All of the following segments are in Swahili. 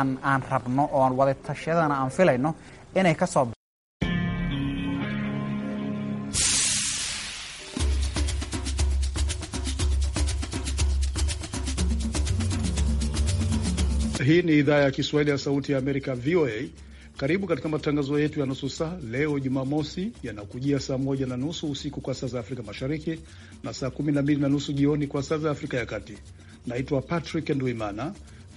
aan rabno oo aan wada tashadana aan filayno inay ka soo Hii ni idhaa ya Kiswahili ya Sauti ya Amerika, VOA. Karibu katika matangazo yetu ya nusu saa leo Jumamosi, yanakujia saa moja na nusu usiku kwa saa za Afrika Mashariki na saa kumi na mbili na nusu jioni kwa saa za Afrika ya Kati. Naitwa Patrick Nduimana.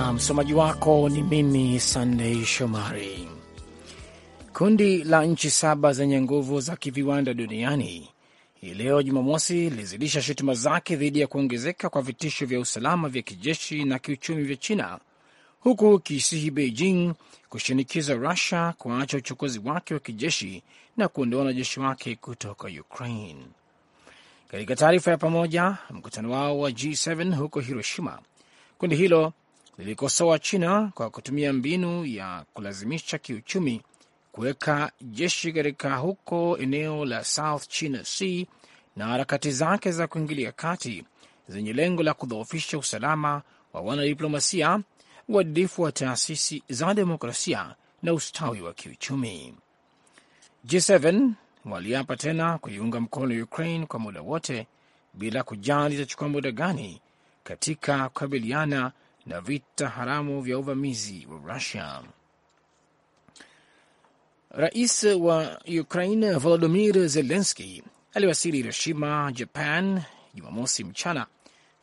na msomaji wako ni mimi sandey Shomari. Kundi la nchi saba zenye nguvu za kiviwanda duniani hii leo Jumamosi lilizidisha shutuma zake dhidi ya kuongezeka kwa vitisho vya usalama vya kijeshi na kiuchumi vya China, huku kiisihi Beijing kushinikiza Rusia kuacha uchokozi wake wa kijeshi na kuondoa wanajeshi wake kutoka Ukraine. Katika taarifa ya pamoja mkutano wao wa G7 huko Hiroshima, kundi hilo lilikosoa China kwa kutumia mbinu ya kulazimisha kiuchumi kuweka jeshi katika huko eneo la South China Sea na harakati zake za kuingilia kati zenye lengo la kudhoofisha usalama wa wanadiplomasia, uadilifu wa taasisi za demokrasia na ustawi wa kiuchumi. G7 waliapa tena kuiunga mkono Ukraine kwa muda wote bila kujali itachukua muda gani katika kukabiliana na vita haramu vya uvamizi wa Rusia. Rais wa Ukraine Volodimir Zelenski aliwasili Hiroshima, Japan, Jumamosi mchana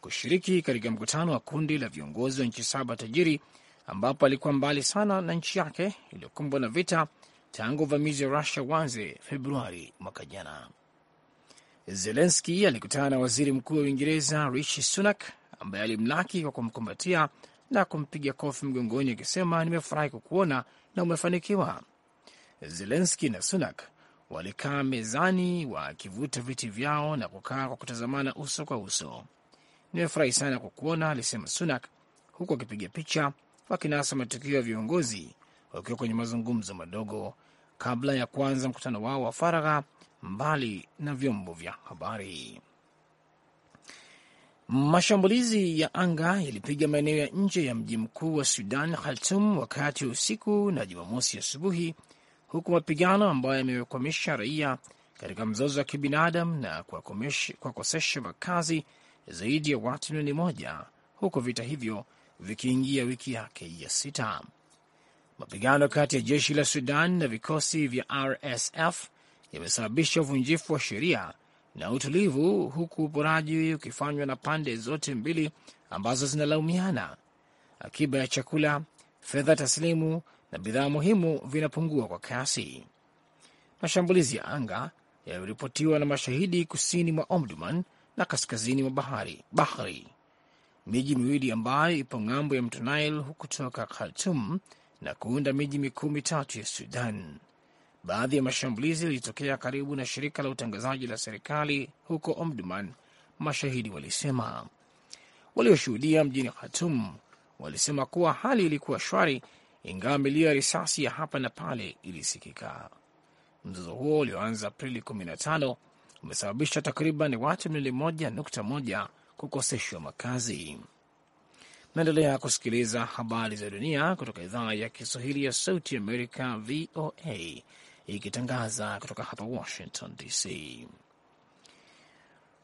kushiriki katika mkutano wa kundi la viongozi wa nchi saba tajiri, ambapo alikuwa mbali sana na nchi yake iliyokumbwa na vita tangu uvamizi wa Rusia wanze Februari mwaka jana. Zelenski alikutana na waziri mkuu wa Uingereza Rishi Sunak ambaye alimlaki kwa kumkumbatia na kumpiga kofi mgongoni akisema, nimefurahi kukuona na umefanikiwa. Zelenski na Sunak walikaa mezani wakivuta viti vyao na kukaa kwa kutazamana uso kwa uso. Nimefurahi sana kukuona, alisema Sunak huku akipiga picha wakinasa matukio ya viongozi wakiwa kwenye mazungumzo madogo kabla ya kuanza mkutano wao wa faragha mbali na vyombo vya habari. Mashambulizi ya anga yalipiga maeneo ya nje ya mji mkuu wa Sudan, Khartum, wakati wa usiku na Jumamosi asubuhi, huku mapigano ambayo yamewakwamisha raia katika mzozo wa kibinadamu na kuwakosesha makazi zaidi ya watu milioni moja, huku vita hivyo vikiingia wiki yake ya sita. Mapigano kati ya jeshi la Sudan na vikosi vya RSF yamesababisha uvunjifu wa sheria na utulivu, huku uporaji ukifanywa na pande zote mbili ambazo zinalaumiana. Akiba ya chakula, fedha taslimu na bidhaa muhimu vinapungua kwa kasi. Mashambulizi ya anga yaliripotiwa na mashahidi kusini mwa Omdurman na kaskazini mwa bahari Bahri, miji miwili ambayo ipo ng'ambo ya mto Nile hukutoka Khartum na kuunda miji mikuu mitatu ya Sudan. Baadhi ya mashambulizi yalitokea karibu na shirika la utangazaji la serikali huko Omdurman, mashahidi walisema. Walioshuhudia mjini Khartoum walisema kuwa hali ilikuwa shwari, ingawa milio ya risasi ya hapa na pale ilisikika. Mzozo huo ulioanza Aprili 15 umesababisha takriban watu milioni moja nukta moja kukoseshwa makazi. Naendelea kusikiliza habari za dunia kutoka idhaa ya Kiswahili ya Sauti Amerika, VOA, ikitangaza kutoka hapa Washington DC.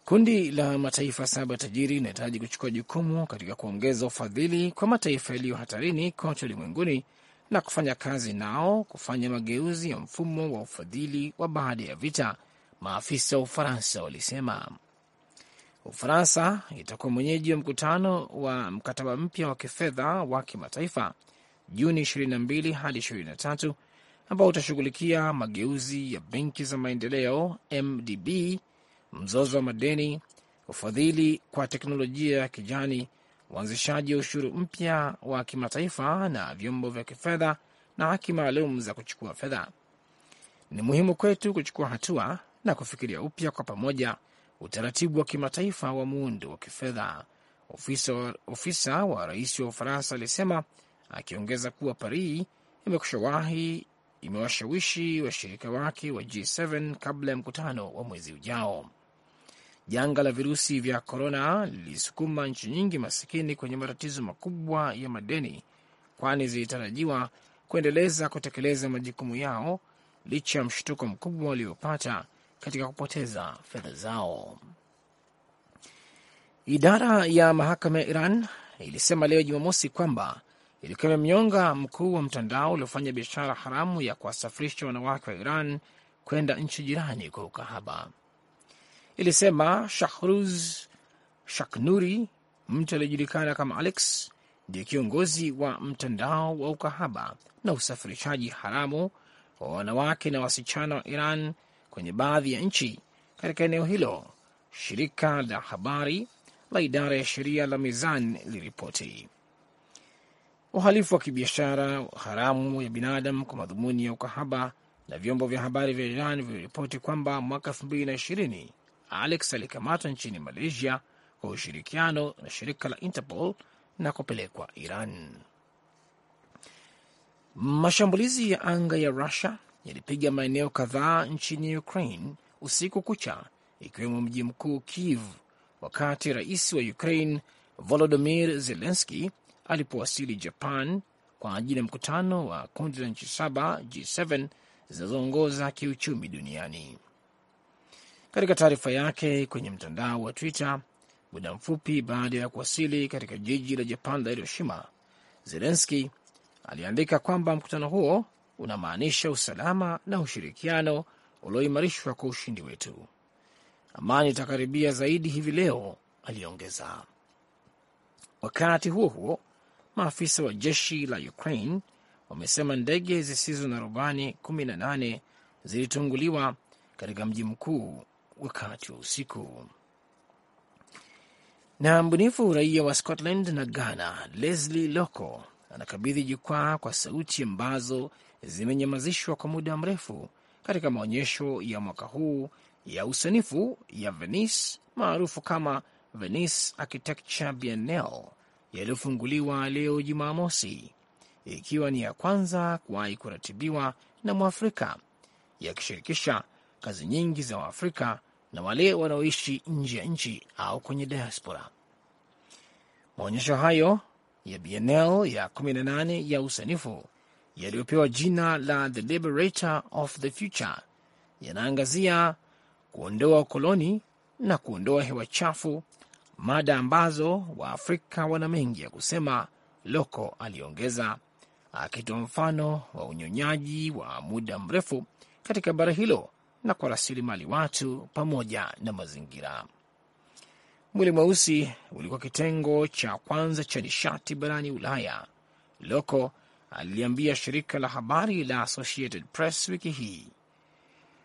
Kundi la mataifa saba tajiri inahitaji kuchukua jukumu katika kuongeza ufadhili kwa mataifa yaliyo hatarini kote ulimwenguni na kufanya kazi nao kufanya mageuzi ya mfumo wa ufadhili wa baada ya vita, maafisa wa Ufaransa walisema. Ufaransa itakuwa mwenyeji wa mkutano wa mkataba mpya wa kifedha wa kimataifa Juni 22 hadi ambao utashughulikia mageuzi ya benki za maendeleo MDB, mzozo wa madeni, ufadhili kwa teknolojia ya kijani, uanzishaji wa ushuru mpya wa kimataifa na vyombo vya kifedha na haki maalum za kuchukua fedha. Ni muhimu kwetu kuchukua hatua na kufikiria upya kwa pamoja utaratibu wa kimataifa wa muundo wa kifedha, ofisa, ofisa wa rais wa Ufaransa alisema, akiongeza kuwa Paris imekushawahi imewashawishi washirika wake wa G7 kabla ya mkutano wa mwezi ujao. Janga la virusi vya korona lilisukuma nchi nyingi masikini kwenye matatizo makubwa ya madeni, kwani zilitarajiwa kuendeleza kutekeleza majukumu yao licha ya mshtuko mkubwa waliopata katika kupoteza fedha zao. Idara ya mahakama ya Iran ilisema leo Jumamosi kwamba ilikuwa imemnyonga mkuu wa mtandao uliofanya biashara haramu ya kuwasafirisha wanawake wa Iran kwenda nchi jirani kwa ukahaba. Ilisema Shahruz Shaknuri, mtu aliyejulikana kama Alex, ndiye kiongozi wa mtandao wa ukahaba na usafirishaji haramu wa wanawake na wasichana wa Iran kwenye baadhi ya nchi katika eneo hilo, shirika la habari la idara ya sheria la Mizan liripoti uhalifu wa kibiashara haramu ya binadamu kwa madhumuni ya ukahaba, na vyombo vya habari vya Iran viliripoti kwamba mwaka 2020 Alex alikamatwa nchini Malaysia kwa ushirikiano na shirika la Interpol na kupelekwa Iran. Mashambulizi ya anga ya Rusia yalipiga maeneo kadhaa nchini Ukraine usiku kucha, ikiwemo mji mkuu Kiev, wakati rais wa Ukraine Volodymyr Zelensky alipowasili Japan kwa ajili ya mkutano wa kundi la nchi saba G7 zinazoongoza kiuchumi duniani. Katika taarifa yake kwenye mtandao wa Twitter muda mfupi baada ya kuwasili katika jiji la Japan la Hiroshima, Zelenski aliandika kwamba mkutano huo unamaanisha usalama na ushirikiano ulioimarishwa kwa ushindi wetu. Amani itakaribia zaidi hivi leo, aliongeza. Wakati huo huo, Maafisa wa jeshi la Ukraine wamesema ndege zisizo na rubani 18 zilitunguliwa katika mji mkuu wakati wa usiku. Na mbunifu raia wa Scotland na Ghana Leslie Loko anakabidhi jukwaa kwa sauti ambazo zimenyamazishwa kwa muda mrefu katika maonyesho ya mwaka huu ya usanifu ya Venice maarufu kama Venice Architecture Biennale yaliyofunguliwa leo Jumamosi, ikiwa ni ya kwanza kuwahi kuratibiwa na Mwafrika, yakishirikisha kazi nyingi za Waafrika na wale wanaoishi nje ya nchi au kwenye diaspora. Maonyesho hayo ya Bienal ya 18 ya usanifu yaliyopewa jina la The Liberator of the Future yanaangazia kuondoa ukoloni na kuondoa hewa chafu mada ambazo Waafrika wana mengi ya kusema, Loko aliongeza, akitoa mfano wa unyonyaji wa muda mrefu katika bara hilo na kwa rasilimali watu pamoja na mazingira. Mwili mweusi ulikuwa kitengo cha kwanza cha nishati barani Ulaya, Loko aliliambia shirika la habari la Associated Press wiki hii.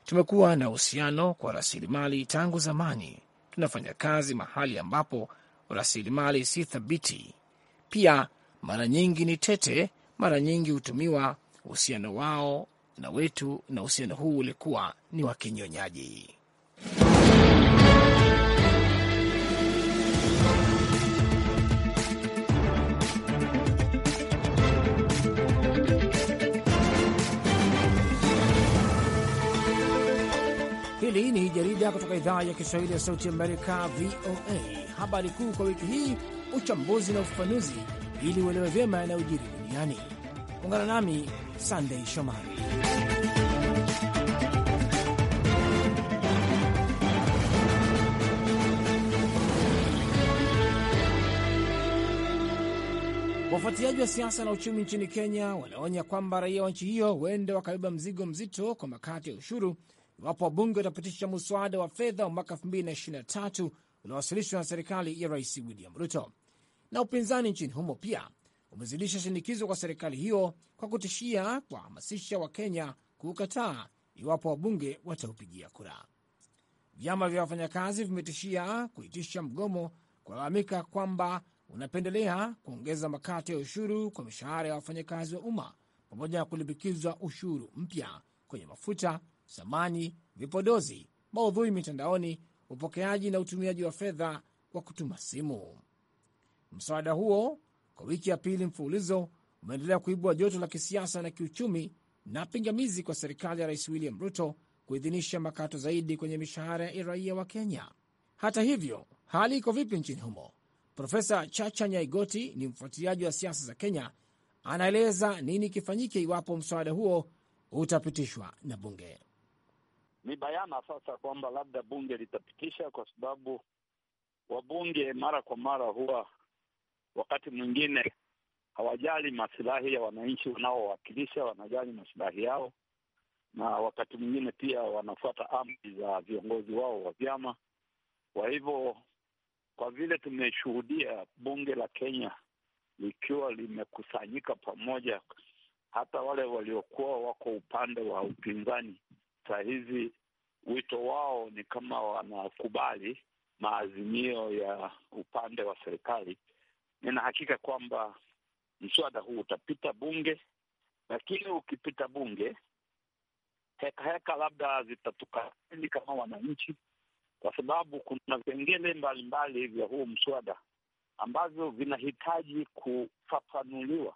Tumekuwa na uhusiano kwa rasilimali tangu zamani tunafanya kazi mahali ambapo rasilimali si thabiti, pia mara nyingi ni tete, mara nyingi hutumiwa. Uhusiano wao na wetu na uhusiano huu ulikuwa ni wa kinyonyaji. Hili ni jarida kutoka idhaa ya Kiswahili ya Sauti Amerika, VOA. Habari kuu kwa wiki hii, uchambuzi na ufafanuzi, ili uelewe vyema yanayojiri duniani. Ungana nami Sandei Shomari. Wafuatiliaji wa siasa na uchumi nchini Kenya wanaonya kwamba raia wa nchi hiyo huenda wakabeba mzigo mzito kwa makati ya ushuru iwapo wabunge watapitisha mswada wa fedha wa mwaka 2023 uliowasilishwa na serikali ya Rais William Ruto. Na upinzani nchini humo pia umezidisha shinikizo kwa serikali hiyo kwa kutishia kuwahamasisha Wakenya kuukataa iwapo wabunge wataupigia kura. Vyama vya wafanyakazi vimetishia kuitisha mgomo, kulalamika kwamba unapendelea kuongeza makato ya ushuru kwa mishahara ya wafanyakazi wa umma pamoja na kulimbikizwa ushuru mpya kwenye mafuta samani, vipodozi, maudhui mitandaoni, upokeaji na utumiaji wa fedha kwa kutuma simu. Mswada huo kwa wiki ya pili mfululizo umeendelea kuibua joto la kisiasa na kiuchumi na pingamizi kwa serikali ya Rais William Ruto kuidhinisha makato zaidi kwenye mishahara ya raia wa Kenya. Hata hivyo, hali iko vipi nchini humo? Profesa Chacha Nyaigoti ni mfuatiliaji wa siasa za Kenya, anaeleza nini kifanyike iwapo mswada huo utapitishwa na bunge ni bayana sasa kwamba labda bunge litapitisha, kwa sababu wabunge mara kwa mara huwa wakati mwingine hawajali masilahi ya wananchi wanaowakilisha, wanajali masilahi yao, na wakati mwingine pia wanafuata amri za viongozi wao wa vyama. Kwa hivyo, kwa vile tumeshuhudia bunge la Kenya likiwa limekusanyika pamoja, hata wale waliokuwa wako upande wa upinzani saa hizi wito wao ni kama wanakubali maazimio ya upande wa serikali. Nina hakika kwamba mswada huu utapita bunge, lakini ukipita bunge, heka heka labda zitatukabili kama wananchi, kwa sababu kuna vipengele mbalimbali vya huu mswada ambavyo vinahitaji kufafanuliwa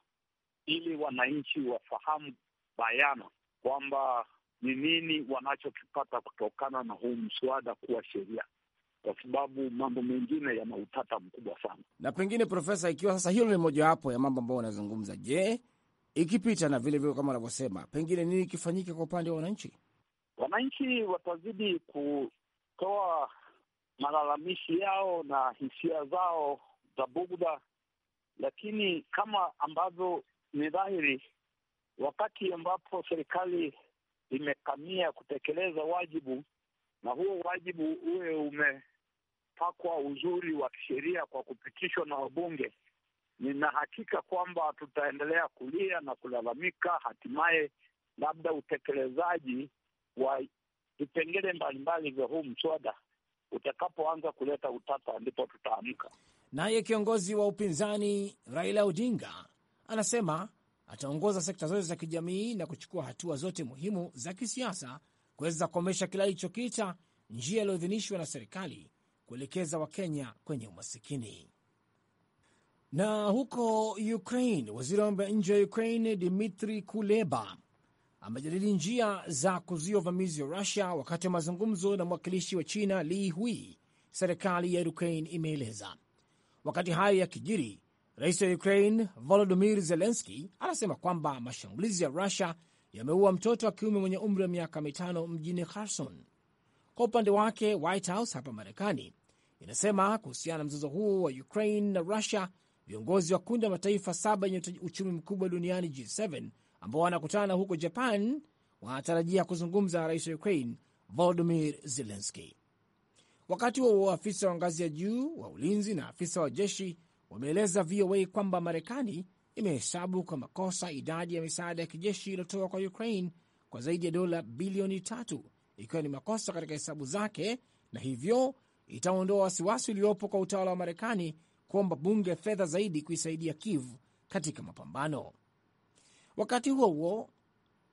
ili wananchi wafahamu bayana kwamba ni nini wanachokipata kutokana na huu mswada kuwa sheria, kwa sababu mambo mengine yana utata mkubwa sana. Na pengine, Profesa, ikiwa sasa hilo ni mojawapo ya mambo ambayo wanazungumza, je, ikipita na vile vile kama wanavyosema, pengine nini kifanyike kwa upande wa wananchi? Wananchi watazidi kutoa malalamishi yao na hisia zao za bugda, lakini kama ambavyo ni dhahiri, wakati ambapo serikali imekamia kutekeleza wajibu, na huo wajibu uwe umepakwa uzuri wa kisheria kwa kupitishwa na wabunge, nina hakika kwamba tutaendelea kulia na kulalamika, hatimaye labda utekelezaji wa vipengele mbalimbali vya huu mswada utakapoanza kuleta utata, ndipo tutaamka. Naye kiongozi wa upinzani Raila Odinga anasema ataongoza sekta zote za kijamii na kuchukua hatua zote muhimu za kisiasa kuweza kukomesha kile alichokiita njia iliyoidhinishwa na serikali kuelekeza Wakenya kwenye umasikini. Na huko Ukraine, waziri wa mambo ya nje wa Ukraine Dmitri Kuleba amejadili njia za kuzuia uvamizi wa Rusia wakati wa mazungumzo na mwakilishi wa China Li Hui, serikali ya Ukraine imeeleza. Wakati hayo yakijiri, Rais wa Ukraine Volodimir Zelenski anasema kwamba mashambulizi ya Rusia yameua mtoto wa kiume mwenye umri wa miaka mitano mjini Kherson. Kwa upande wake, White House hapa Marekani inasema kuhusiana na mzozo huo wa Ukraine na Rusia, viongozi wa kundi la mataifa saba yenye uchumi mkubwa duniani G7 ambao wanakutana huko Japan wanatarajia kuzungumza na rais wa Ukraine Volodimir Zelenski. Wakati huo afisa wa ngazi ya juu wa ulinzi na afisa wa jeshi wameeleza VOA kwamba Marekani imehesabu kwa makosa idadi ya misaada ya kijeshi iliyotoka kwa Ukraine kwa zaidi ya dola bilioni tatu ikiwa ni makosa katika hesabu zake, na hivyo itaondoa wasiwasi uliopo kwa utawala wa Marekani kuomba bunge fedha zaidi kuisaidia Kiev katika mapambano. Wakati huo huo,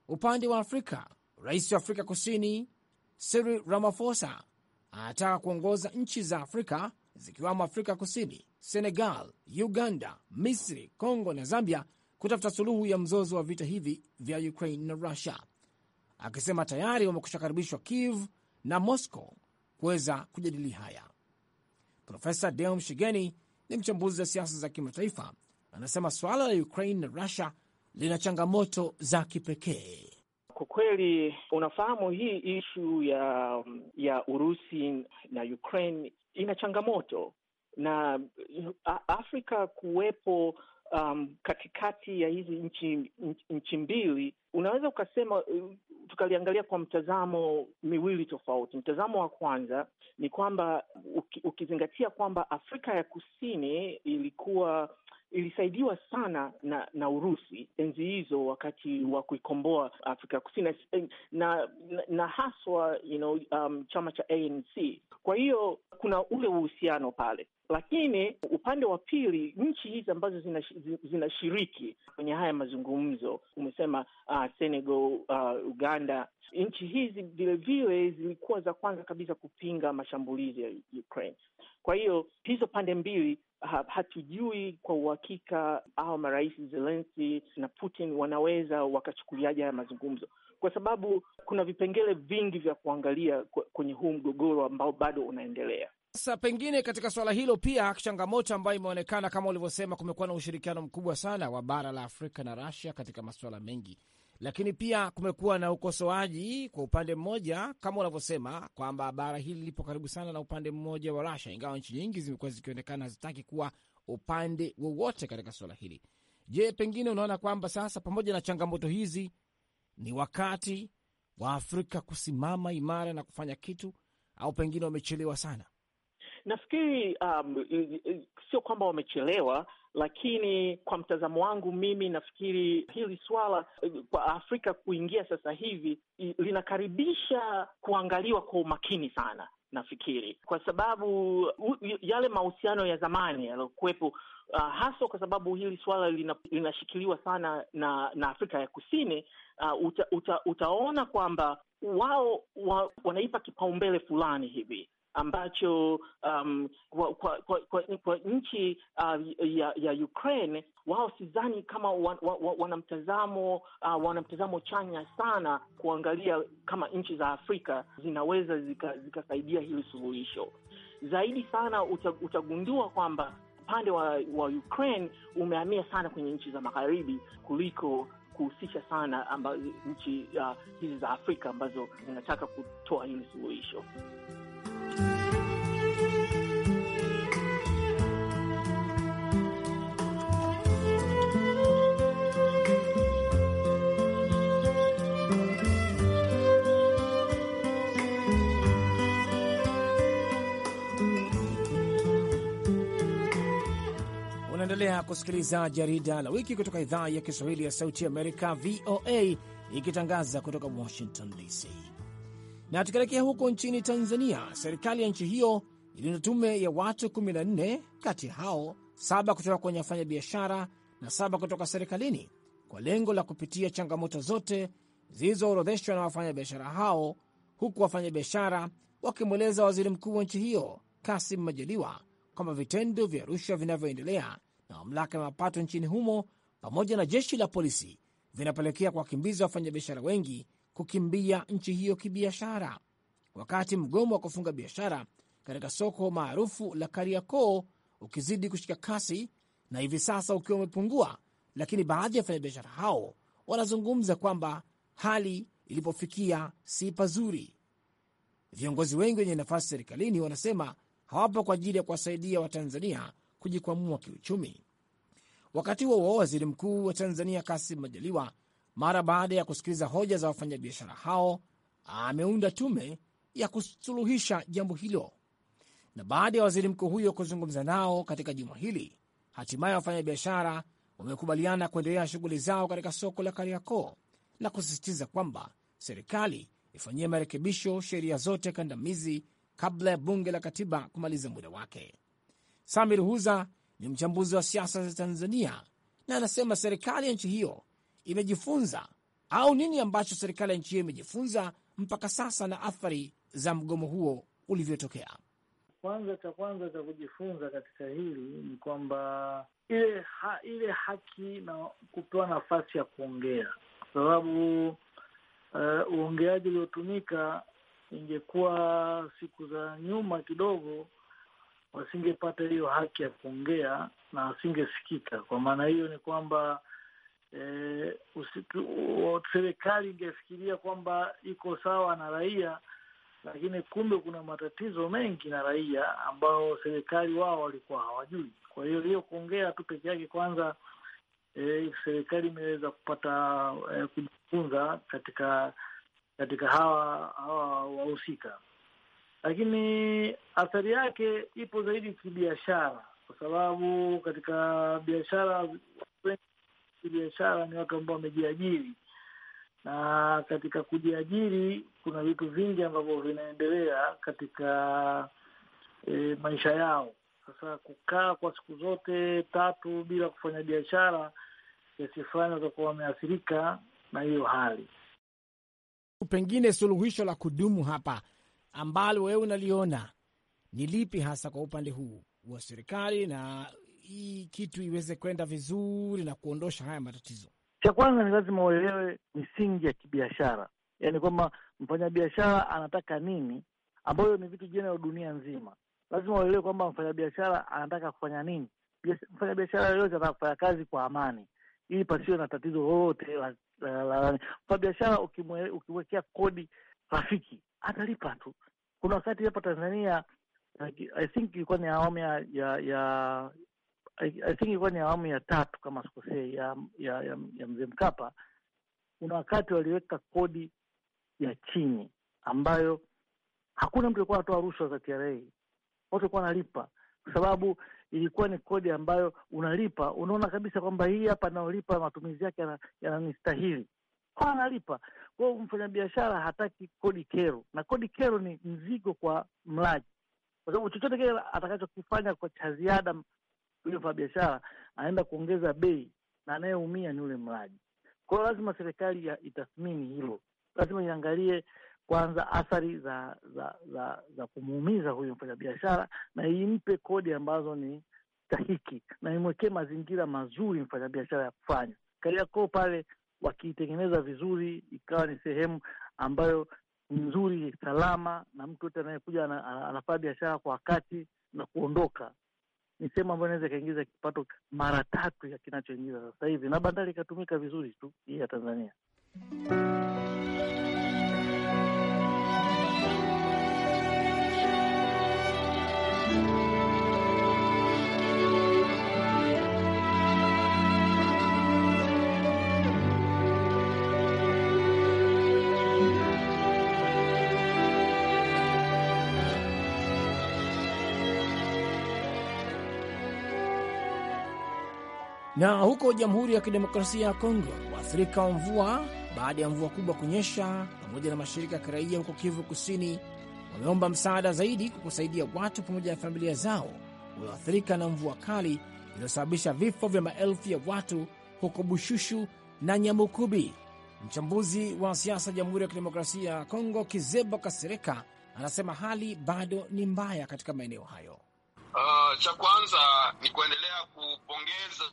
upande wa Afrika, rais wa Afrika Kusini Cyril Ramaphosa anataka kuongoza nchi za Afrika zikiwamo Afrika Kusini Senegal, Uganda, Misri, Kongo na Zambia kutafuta suluhu ya mzozo wa vita hivi vya Ukraine na Russia, akisema tayari wamekushakaribishwa Kiev na Moscow kuweza kujadili haya. Profesa Deo Mshigeni ni mchambuzi wa siasa za kimataifa, anasema suala la Ukraine na Russia lina changamoto za kipekee. Kwa kweli, unafahamu hii ishu ya ya Urusi na Ukraine ina changamoto na Afrika kuwepo um, katikati ya hizi nchi nchi mbili, unaweza ukasema uh, tukaliangalia kwa mtazamo miwili tofauti. Mtazamo wa kwanza ni kwamba ukizingatia kwamba Afrika ya Kusini ilikuwa ilisaidiwa sana na na Urusi enzi hizo wakati wa kuikomboa Afrika ya Kusini na, na, na haswa you know, um, chama cha ANC. Kwa hiyo kuna ule uhusiano pale, lakini upande wa pili, nchi hizi ambazo zinashiriki zina kwenye haya mazungumzo, umesema uh, Senegal, uh, Uganda, nchi hizi vilevile zilikuwa za kwanza kabisa kupinga mashambulizi ya Ukraine. Kwa hiyo hizo pande mbili ha, hatujui kwa uhakika au marais zelenski na Putin wanaweza wakachukuliaje haya mazungumzo, kwa sababu kuna vipengele vingi vya kuangalia kwenye huu mgogoro ambao bado unaendelea. Sasa pengine katika suala hilo pia changamoto ambayo imeonekana kama ulivyosema, kumekuwa na ushirikiano mkubwa sana wa bara la Afrika na Rasia katika masuala mengi, lakini pia kumekuwa na ukosoaji kwa upande mmoja, kama unavyosema kwamba bara hili lipo karibu sana na upande mmoja wa Rasia, ingawa nchi nyingi zimekuwa zikionekana hazitaki kuwa upande wowote katika suala hili. Je, pengine unaona kwamba sasa pamoja na changamoto hizi ni wakati wa Afrika kusimama imara na kufanya kitu, au pengine wamechelewa sana? Nafikiri um, sio kwamba wamechelewa, lakini kwa mtazamo wangu mimi nafikiri hili swala e, kwa Afrika kuingia sasa hivi linakaribisha kuangaliwa kwa umakini sana, nafikiri kwa sababu yale mahusiano ya zamani yaliyokuwepo Uh, haswa kwa sababu hili suala lina, linashikiliwa sana na na Afrika ya Kusini. Uh, uta, uta, utaona kwamba wao wa, wanaipa kipaumbele fulani hivi ambacho um, kwa, kwa, kwa, kwa, kwa nchi uh, ya, ya Ukraine wao sidhani kama wa, wa, wa, mtazamo uh, chanya sana kuangalia kama nchi za Afrika zinaweza zikasaidia zika hili suluhisho zaidi sana. Utagundua kwamba upande wa, wa Ukraine umehamia sana kwenye nchi za magharibi kuliko kuhusisha sana amba, nchi uh, hizi za Afrika ambazo zinataka kutoa hili suluhisho. Unaendelea kusikiliza jarida la wiki kutoka idhaa ya Kiswahili ya Sauti Amerika, VOA, ikitangaza kutoka Washington DC. Na tukielekea huko nchini Tanzania, serikali ya nchi hiyo iliunda tume ya watu 14, kati ya hao saba kutoka kwenye wafanyabiashara na saba kutoka serikalini, kwa lengo la kupitia changamoto zote zilizoorodheshwa na wafanyabiashara hao, huku wafanyabiashara wakimweleza waziri mkuu wa nchi hiyo Kasim Majaliwa kwamba vitendo vya rushwa vinavyoendelea na mamlaka ya mapato nchini humo pamoja na jeshi la polisi vinapelekea kwa wakimbizi wafanyabiashara wengi kukimbia nchi hiyo kibiashara, wakati mgomo wa kufunga biashara katika soko maarufu la Kariakoo ukizidi kushika kasi na hivi sasa ukiwa umepungua, lakini baadhi ya wafanyabiashara hao wanazungumza kwamba hali ilipofikia si pazuri. Viongozi wengi wenye nafasi serikalini wanasema hawapo kwa ajili ya kuwasaidia Watanzania kujikwamua kiuchumi. Wakati huo huo, waziri mkuu wa Tanzania Kassim Majaliwa, mara baada ya kusikiliza hoja za wafanyabiashara hao, ameunda tume ya kusuluhisha jambo hilo, na baada ya waziri mkuu huyo kuzungumza nao katika juma hili, hatimaye wafanyabiashara wamekubaliana kuendelea shughuli zao katika soko la Kariakoo na kusisitiza kwamba serikali ifanyie marekebisho sheria zote kandamizi kabla ya bunge la katiba kumaliza muda wake. Samir Huza ni mchambuzi wa siasa za Tanzania na anasema serikali ya nchi hiyo imejifunza au nini ambacho serikali ya nchi hiyo imejifunza mpaka sasa na athari za mgomo huo ulivyotokea. Kwanza, cha kwanza cha kujifunza katika hili ni kwamba ile ha, ile haki na kupewa nafasi ya kuongea, kwa sababu uh, uongeaji uliotumika ingekuwa siku za nyuma kidogo wasingepata hiyo haki ya kuongea na wasingesikika. Kwa maana hiyo ni kwamba e, serikali ingefikiria kwamba iko sawa na raia, lakini kumbe kuna matatizo mengi na raia ambao serikali wao walikuwa hawajui. Kwa hiyo hiyo kuongea tu peke yake kwanza E, serikali imeweza kupata e, kujifunza katika katika hawa hawa wahusika lakini athari yake ipo zaidi kibiashara, kwa sababu katika biashara kibiashara ni watu ambao wamejiajiri, na katika kujiajiri kuna vitu vingi ambavyo vinaendelea katika e, maisha yao. Sasa kukaa kwa siku zote tatu bila kufanya biashara, kiasi fulani watakuwa wameathirika na hiyo hali. Pengine suluhisho la kudumu hapa ambalo wewe unaliona ni lipi hasa kwa upande huu wa serikali na hii kitu iweze kwenda vizuri na kuondosha haya matatizo? Cha kwanza ni lazima uelewe misingi ya kibiashara, yaani kwamba mfanyabiashara anataka nini, ambayo ni vitu jenero dunia nzima. Lazima uelewe kwamba mfanyabiashara anataka kufanya nini. Mfanyabiashara yoyote anataka kufanya kazi kwa amani, ili pasiwe na tatizo lolote la, la, la, la. Mfanyabiashara ukimwekea kodi rafiki atalipa tu. Kuna wakati hapa Tanzania I think ilikuwa ni awamu ya, ya, ya I, think ilikuwa ni awamu ya tatu kama sikosei, ya, ya, ya, ya mzee Mkapa. Kuna wakati waliweka kodi ya chini ambayo hakuna mtu alikuwa anatoa rushwa za TRA, watu walikuwa wanalipa kwa sababu ilikuwa ni kodi ambayo unalipa, unaona kabisa kwamba hii hapa anaolipa matumizi yake yananistahili, kwa analipa. Kwa hiyo mfanyabiashara hataki kodi kero, na kodi kero ni mzigo kwa mlaji, kwa sababu chochote kile atakachokifanya kwa cha ziada yule mfanyabiashara anaenda kuongeza bei, na anayeumia ni yule mlaji. Kwa hiyo lazima serikali itathmini hilo, lazima iangalie kwanza athari za za za, za kumuumiza huyu mfanyabiashara na impe kodi ambazo ni stahiki na imwekee mazingira mazuri mfanyabiashara ya kufanya. Kariakoo pale wakiitengeneza vizuri, ikawa ni sehemu ambayo ni nzuri, salama, na mtu yote anayekuja anafanya biashara kwa wakati na kuondoka, ni sehemu ambayo inaweza ikaingiza kipato mara tatu ya kinachoingiza sasa hivi, na bandari ikatumika vizuri tu hii ya Tanzania. Na huko Jamhuri ya Kidemokrasia ya Kongo, waathirika wa mvua baada ya mvua kubwa kunyesha pamoja na mashirika ya kiraia huko Kivu Kusini wameomba msaada zaidi kwa kusaidia watu pamoja na familia zao walioathirika na mvua kali iliyosababisha vifo vya maelfu ya watu huko Bushushu na Nyamukubi. Mchambuzi wa siasa Jamhuri ya Kidemokrasia ya Kongo, Kizebo Kasereka, anasema hali bado ni mbaya katika maeneo hayo. Uh, cha kwanza ni kuendelea kupongeza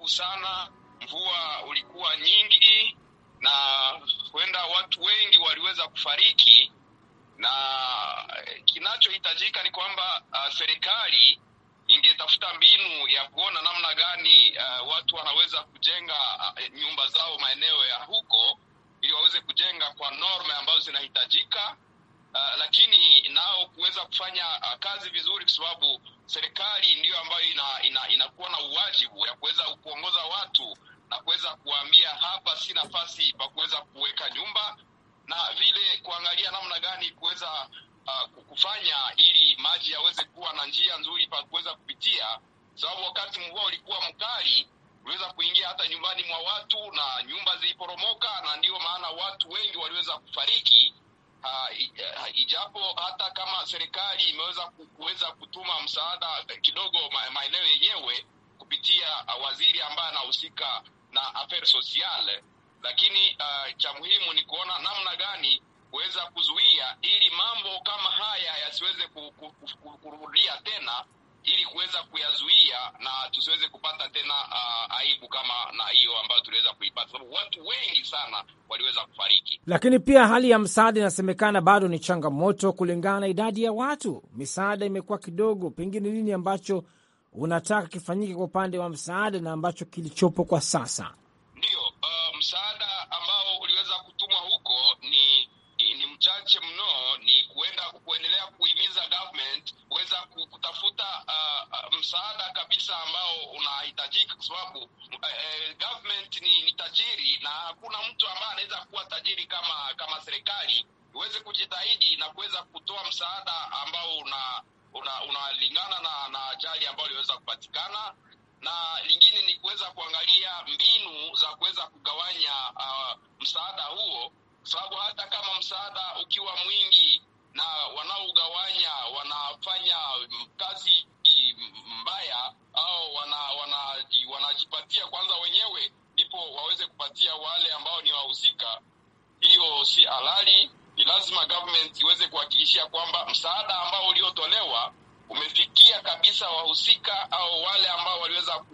machungu sana, mvua ulikuwa nyingi na huenda watu wengi waliweza kufariki, na eh, kinachohitajika ni kwamba uh, serikali ingetafuta mbinu ya kuona namna gani uh, watu wanaweza kujenga uh, nyumba zao maeneo ya huko ili waweze kujenga kwa norma ambazo zinahitajika, uh, lakini nao kuweza kufanya uh, kazi vizuri, kwa sababu serikali ndiyo ambayo ina, ina, inakuwa na uwajibu ya kuweza kuongoza watu na kuweza kuambia hapa si nafasi pa kuweza kuweka nyumba na vile kuangalia namna gani kuweza uh, kufanya ili maji yaweze kuwa na njia nzuri pa kuweza kupitia, sababu wakati mvua ulikuwa mkali uliweza kuingia hata nyumbani mwa watu na nyumba ziliporomoka, na ndiyo maana watu wengi waliweza kufariki ha, ijapo hata kama serikali imeweza kuweza kutuma msaada kidogo maeneo yenyewe kupitia uh, waziri ambaye anahusika na, na affairs sociale, lakini uh, cha muhimu ni kuona namna gani kuweza kuzuia ili mambo kama haya yasiweze kurudia tena ili kuweza kuyazuia na tusiweze kupata tena uh, aibu kama na hiyo ambayo tuliweza kuipata, sababu watu wengi sana waliweza kufariki. Lakini pia hali ya msaada inasemekana bado ni changamoto kulingana na idadi ya watu, misaada imekuwa kidogo. Pengine nini ambacho unataka kifanyike kwa upande wa msaada na ambacho kilichopo kwa sasa? tajiri, na hakuna mtu ambaye anaweza kuwa tajiri kama kama serikali iweze kujitahidi na kuweza kutoa msaada ambao una unalingana una na na ajali ambayo iliweza kupatikana, na lingine ni kuweza kuangalia mbinu za kuweza kugawanya uh, msaada huo, sababu hata kama msaada ukiwa mwingi na wanaogawanya wanafanya kazi mbaya au wana, wana, wanajipatia kwanza wenyewe ndipo waweze kupatia wale ambao ni wahusika. Hiyo si halali. Ni lazima government iweze kuhakikishia kwamba msaada ambao uliotolewa umefikia kabisa wahusika au wale ambao waliweza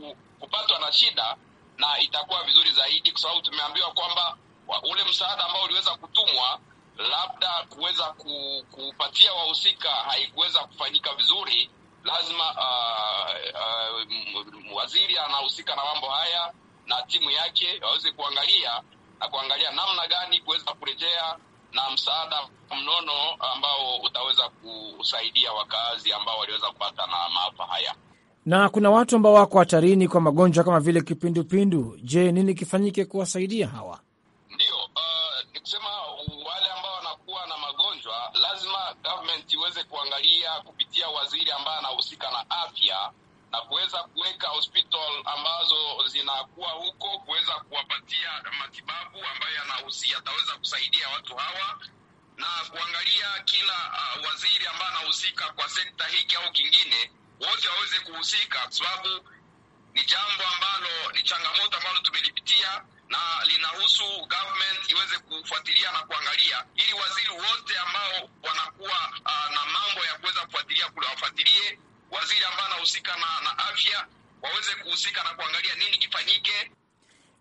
kupatwa na shida, na itakuwa vizuri zaidi, kwa sababu tumeambiwa kwamba ule msaada ambao uliweza kutumwa labda kuweza kupatia wahusika haikuweza kufanyika vizuri. Lazima uh, uh, waziri anahusika na mambo haya na timu yake waweze kuangalia na kuangalia namna gani kuweza kurejea na msaada mnono ambao utaweza kusaidia wakazi ambao waliweza kupata na maafa haya. Na kuna watu ambao wako hatarini kwa magonjwa kama vile kipindupindu. Je, nini kifanyike kuwasaidia hawa? ndio uh, ni kusema wale ambao wanakuwa na magonjwa lazima government iweze kuangalia kupitia waziri ambaye anahusika na afya na kuweza kuweka hospital ambazo zinakuwa huko kuweza kuwapatia matibabu ambayo yataweza kusaidia watu hawa na kuangalia kila uh, waziri ambaye anahusika kwa sekta hiki au kingine, wote waweze kuhusika, kwa sababu ni jambo ambalo ni changamoto ambalo tumelipitia na linahusu government iweze kufuatilia na kuangalia, ili waziri wote ambao wanakuwa uh, na mambo ya kuweza kufuatilia kule wafuatilie waziri ambaye anahusika na, na afya waweze kuhusika na kuangalia nini kifanyike.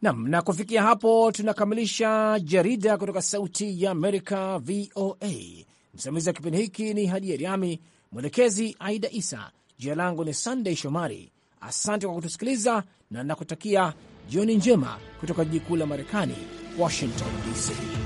Nam, na kufikia hapo tunakamilisha jarida kutoka Sauti ya Amerika, VOA. Msimamizi wa kipindi hiki ni Hadi riami mwelekezi Aida Isa. Jina langu ni Sandey Shomari. Asante kwa kutusikiliza na nakutakia jioni njema kutoka jiji kuu la Marekani, Washington DC.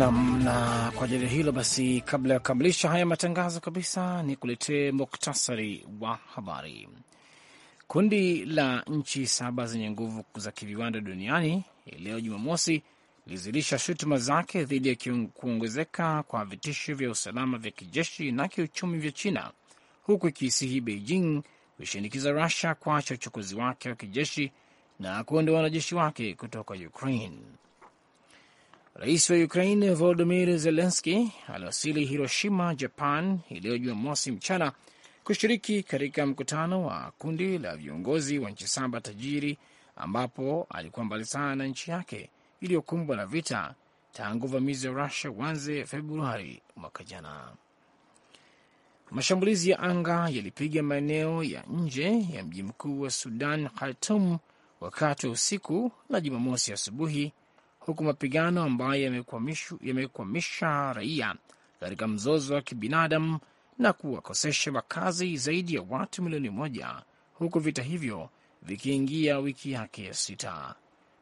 Nam na kwa ajili hilo basi, kabla ya kukamilisha haya matangazo kabisa, ni kuletee muktasari wa habari. Kundi la nchi saba zenye nguvu za kiviwanda duniani leo Jumamosi lizidisha shutuma zake dhidi ya kuongezeka kwa vitisho vya usalama vya kijeshi na kiuchumi vya China, huku ikiisihi Beijing kuishinikiza Rusia kuacha uchokozi wake wa kijeshi na kuondoa wanajeshi wake kutoka Ukraine. Rais wa Ukraine Volodimir Zelenski aliwasili Hiroshima, Japan iliyo leo Jumamosi mchana kushiriki katika mkutano wa kundi la viongozi wa nchi saba tajiri, ambapo alikuwa mbali sana na nchi yake iliyokumbwa na vita tangu uvamizi wa Rusia uanze Februari mwaka jana. Mashambulizi ya anga yalipiga maeneo ya nje ya mji mkuu wa Sudan, Khartum, wakati wa usiku na Jumamosi asubuhi huku mapigano ambayo yamekwamisha raia katika mzozo wa kibinadamu na kuwakosesha makazi zaidi ya watu milioni moja, huku vita hivyo vikiingia wiki yake ya sita.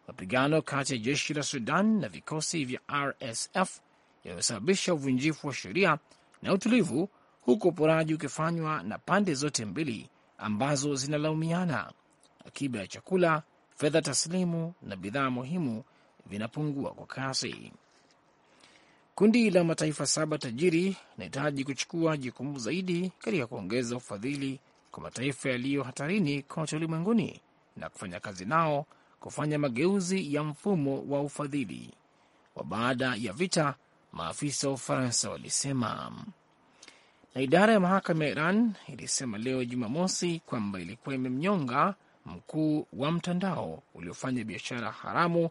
Mapigano kati ya jeshi la Sudan na vikosi vya RSF yamesababisha uvunjifu wa sheria na utulivu, huku uporaji ukifanywa na pande zote mbili ambazo zinalaumiana. Akiba ya chakula, fedha taslimu na bidhaa muhimu vinapungua kwa kasi. Kundi la mataifa saba tajiri linahitaji kuchukua jukumu zaidi katika kuongeza ufadhili kwa mataifa yaliyo hatarini kote ulimwenguni na kufanya kazi nao kufanya mageuzi ya mfumo wa ufadhili wa baada ya vita, maafisa wa Ufaransa walisema. Na idara ya mahakama ya Iran ilisema leo Jumamosi kwamba ilikuwa imemnyonga mkuu wa mtandao uliofanya biashara haramu